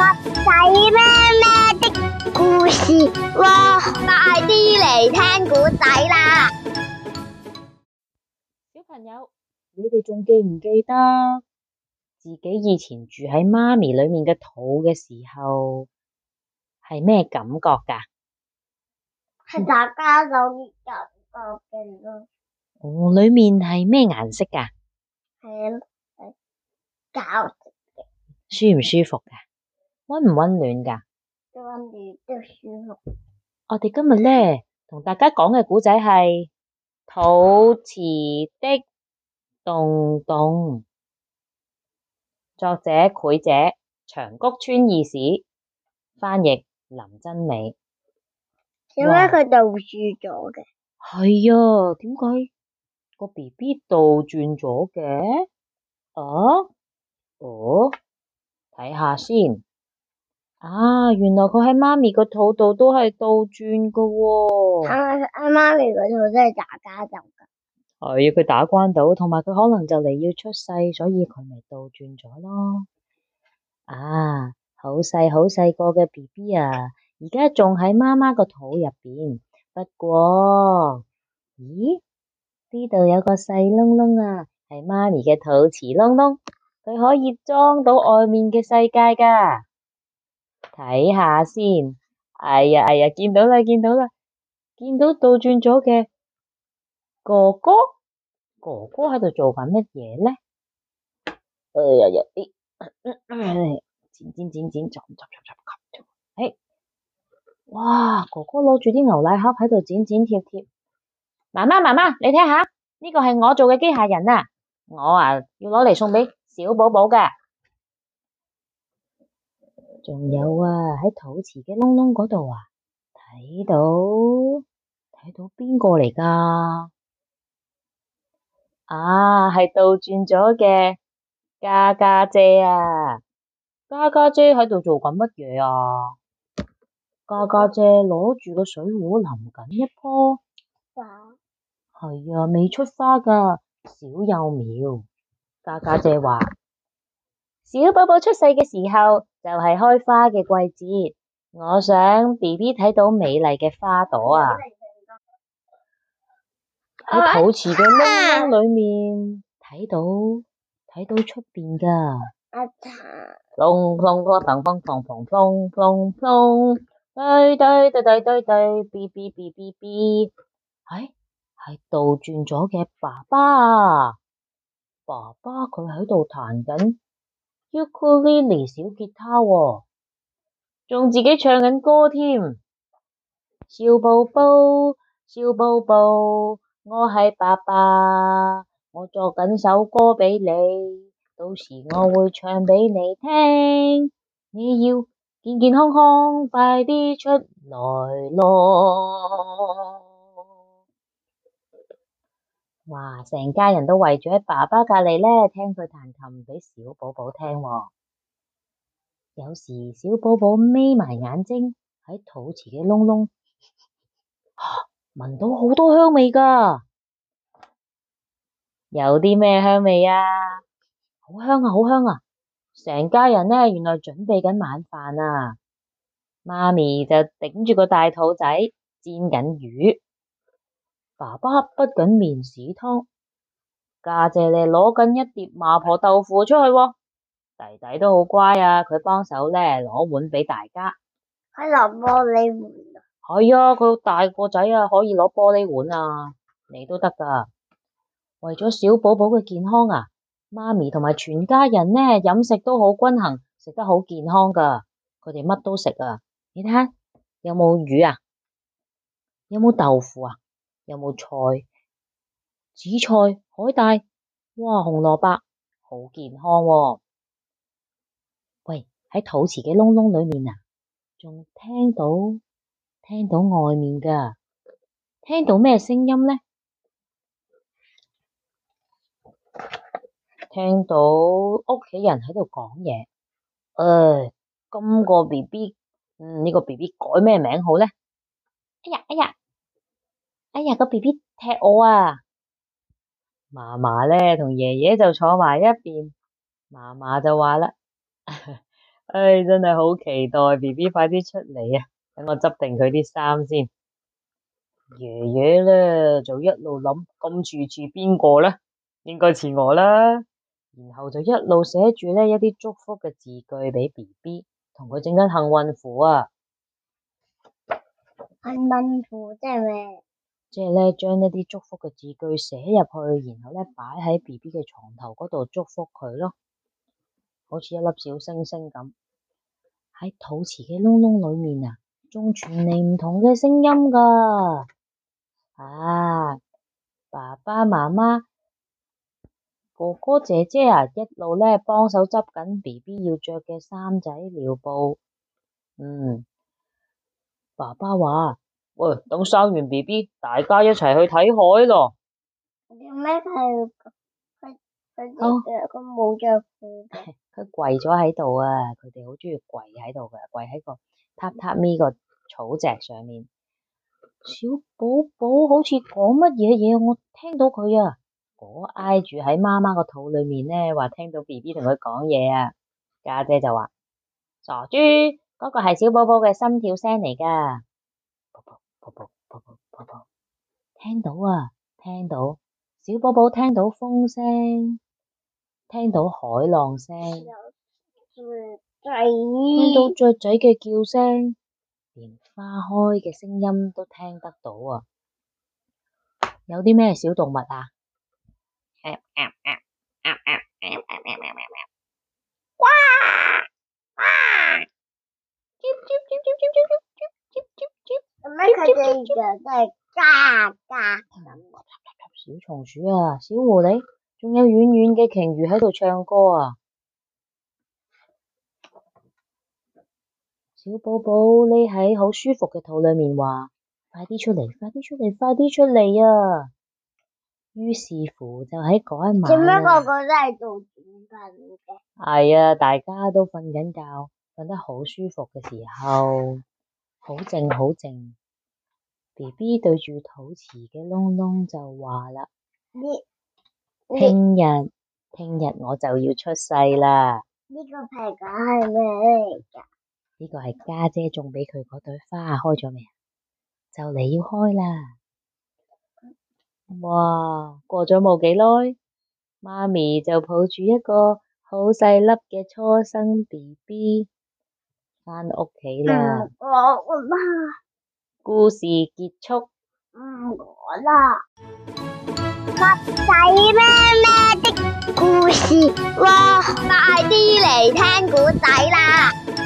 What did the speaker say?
仔咩咩的故事喎！快啲嚟聽古仔啦，小朋友，你哋仲記唔記得自己以前住喺媽咪裏面嘅肚嘅時候係咩感覺噶？係大家有咩感覺先咯？哦，裏面係咩顏色噶？係啊，膠色嘅。舒唔舒服㗎？溫唔溫暖噶？我哋今日咧同大家講嘅古仔係肚臍的洞洞，作者繪者，長谷川義史，翻譯林真美。點解佢倒轉咗嘅？係啊，點解個 B B 倒轉咗嘅？哦？哦，睇下先。啊，原來佢喺媽咪個肚度都係倒轉噶喎。啊，媽咪個肚真係打加豆噶。係，佢打關到，同埋佢可能就嚟要出世，所以佢咪倒轉咗咯。啊，好細好細個嘅 BB 啊，而家仲喺媽媽個肚入邊。不過，咦？呢度有個細窿窿啊，係媽咪嘅肚臍窿窿，佢可以裝到外面嘅世界噶、啊。睇下先，哎呀哎呀，見到啦見到啦，見到倒轉咗嘅哥哥，哥哥喺度做緊乜嘢呢？哎呀呀咦，剪剪剪剪，鑿鑿鑿鑿哇，哥哥攞住啲牛奶盒喺度剪剪貼貼，媽媽媽媽，你睇下，呢個係我做嘅機械人啊，我啊要攞嚟送畀小寶寶嘅。仲有啊！喺肚臍嘅窿窿嗰度啊，睇到睇到邊個嚟噶？啊，係倒轉咗嘅家家姐啊！家家姐喺度做緊乜嘢啊？家家姐攞住個水壺淋緊一棵花，係啊，啊，未出花噶小幼苗。家家姐話： 小寶寶出世嘅時候。就係開花嘅季節，我想 B B 睇到美麗嘅花朵啊！喺肚臍嘅窿窿裏面睇到睇到出邊㗎。隆隆隆隆隆隆隆隆隆隆，對對對對對對，B B B B B，哎，係倒轉咗嘅爸爸啊！爸爸佢喺度彈緊。Ukulele 小吉他喎、哦，仲自己唱緊歌添。小寶寶，小寶寶，我係爸爸，我作緊首歌畀你，到時我會唱畀你聽。你要健健康康，快啲出來咯！哇！成家人都圍住喺爸爸隔籬咧，聽佢彈琴俾小寶寶聽喎。有時小寶寶眯埋眼睛喺肚臍嘅窿窿，聞、啊、到好多香味噶。有啲咩香味啊？好香啊！好香啊！成家人呢，原來準備緊晚飯啊。媽咪就頂住個大肚仔煎緊魚。爸爸不緊麵豉湯，家姐你攞緊一碟麻婆豆腐出去，弟弟都好乖啊！佢幫手咧攞碗俾大家，佢攞玻璃碗啊，係呀！佢大個仔啊，可以攞玻璃碗啊，你都得噶。為咗小寶寶嘅健康啊，媽咪同埋全家人呢，飲食都好均衡，食得好健康噶。佢哋乜都食啊！你睇下有冇魚啊？有冇豆腐啊？有冇菜？紫菜、海帶，哇！紅蘿蔔好健康喎。喂，喺肚臍嘅窿窿裏面啊，仲聽到聽到外面噶，聽到咩聲音呢？聽到屋企人喺度講嘢。誒、呃，今個 B B，嗯，呢、這個 B B 改咩名好呢？哎呀，哎呀！哎呀，個 B B 踢我啊！嫲嫲咧同爺爺就坐埋一邊，嫲嫲就話啦：唉、 哎，真係好期待 B B 快啲出嚟啊！等我執定佢啲衫先。爺爺咧就一路諗，咁住住邊個咧？應該似我啦。然後就一路寫住咧一啲祝福嘅字句俾 B B，同佢整緊幸運符啊！幸運符即係咩？即係咧，將一啲祝福嘅字句寫入去，然後咧擺喺 BB 嘅床頭嗰度祝福佢咯。好似一粒小星星咁，喺肚臍嘅窿窿裏面啊，仲傳嚟唔同嘅聲音噶。啊，爸爸媽媽、哥哥姐姐啊，一路咧幫手執緊 BB 要着嘅衫仔、尿布。嗯，爸爸話。喂，等生完 B B，大家一齊去睇海咯。佢？佢佢着佢跪咗喺度啊！佢哋好中意跪喺度噶，跪喺個榻榻米個草席上面。小寶寶好似講乜嘢嘢，我聽到佢啊。我挨住喺媽媽個肚裏面咧，話聽到 B B 同佢講嘢啊。家姐，姐就話傻豬，嗰、嗰個係小寶寶嘅心跳聲嚟噶。寶聽到啊，聽到，小寶寶聽到風聲，聽到海浪聲，聽到雀仔嘅叫聲，連花開嘅聲音都聽得到啊。有啲咩小動物啊？出嚟嘅都係假假。小松鼠啊，小狐狸，仲有遠遠嘅鯨魚喺度唱歌啊。小寶寶你喺好舒服嘅肚裏面，話：快啲出嚟，快啲出嚟，快啲出嚟啊！於是乎就喺嗰一晚啊。點解個個都係做點瞓嘅？係啊，大家都瞓緊覺，瞓得好舒服嘅時候，好靜好靜。B B 對住肚臍嘅窿窿就話啦：聽日聽日我就要出世啦。呢個蘋果係咩嚟噶？呢個係家姐送畀佢嗰朵花，開咗未啊？就嚟要開啦！哇，過咗冇幾耐，媽咪就抱住一個好細粒嘅初生 B B 翻屋企啦。啦、嗯、～故事結束，唔、嗯、講啦，襪仔咩咩的故事喎，快啲嚟聽古仔啦。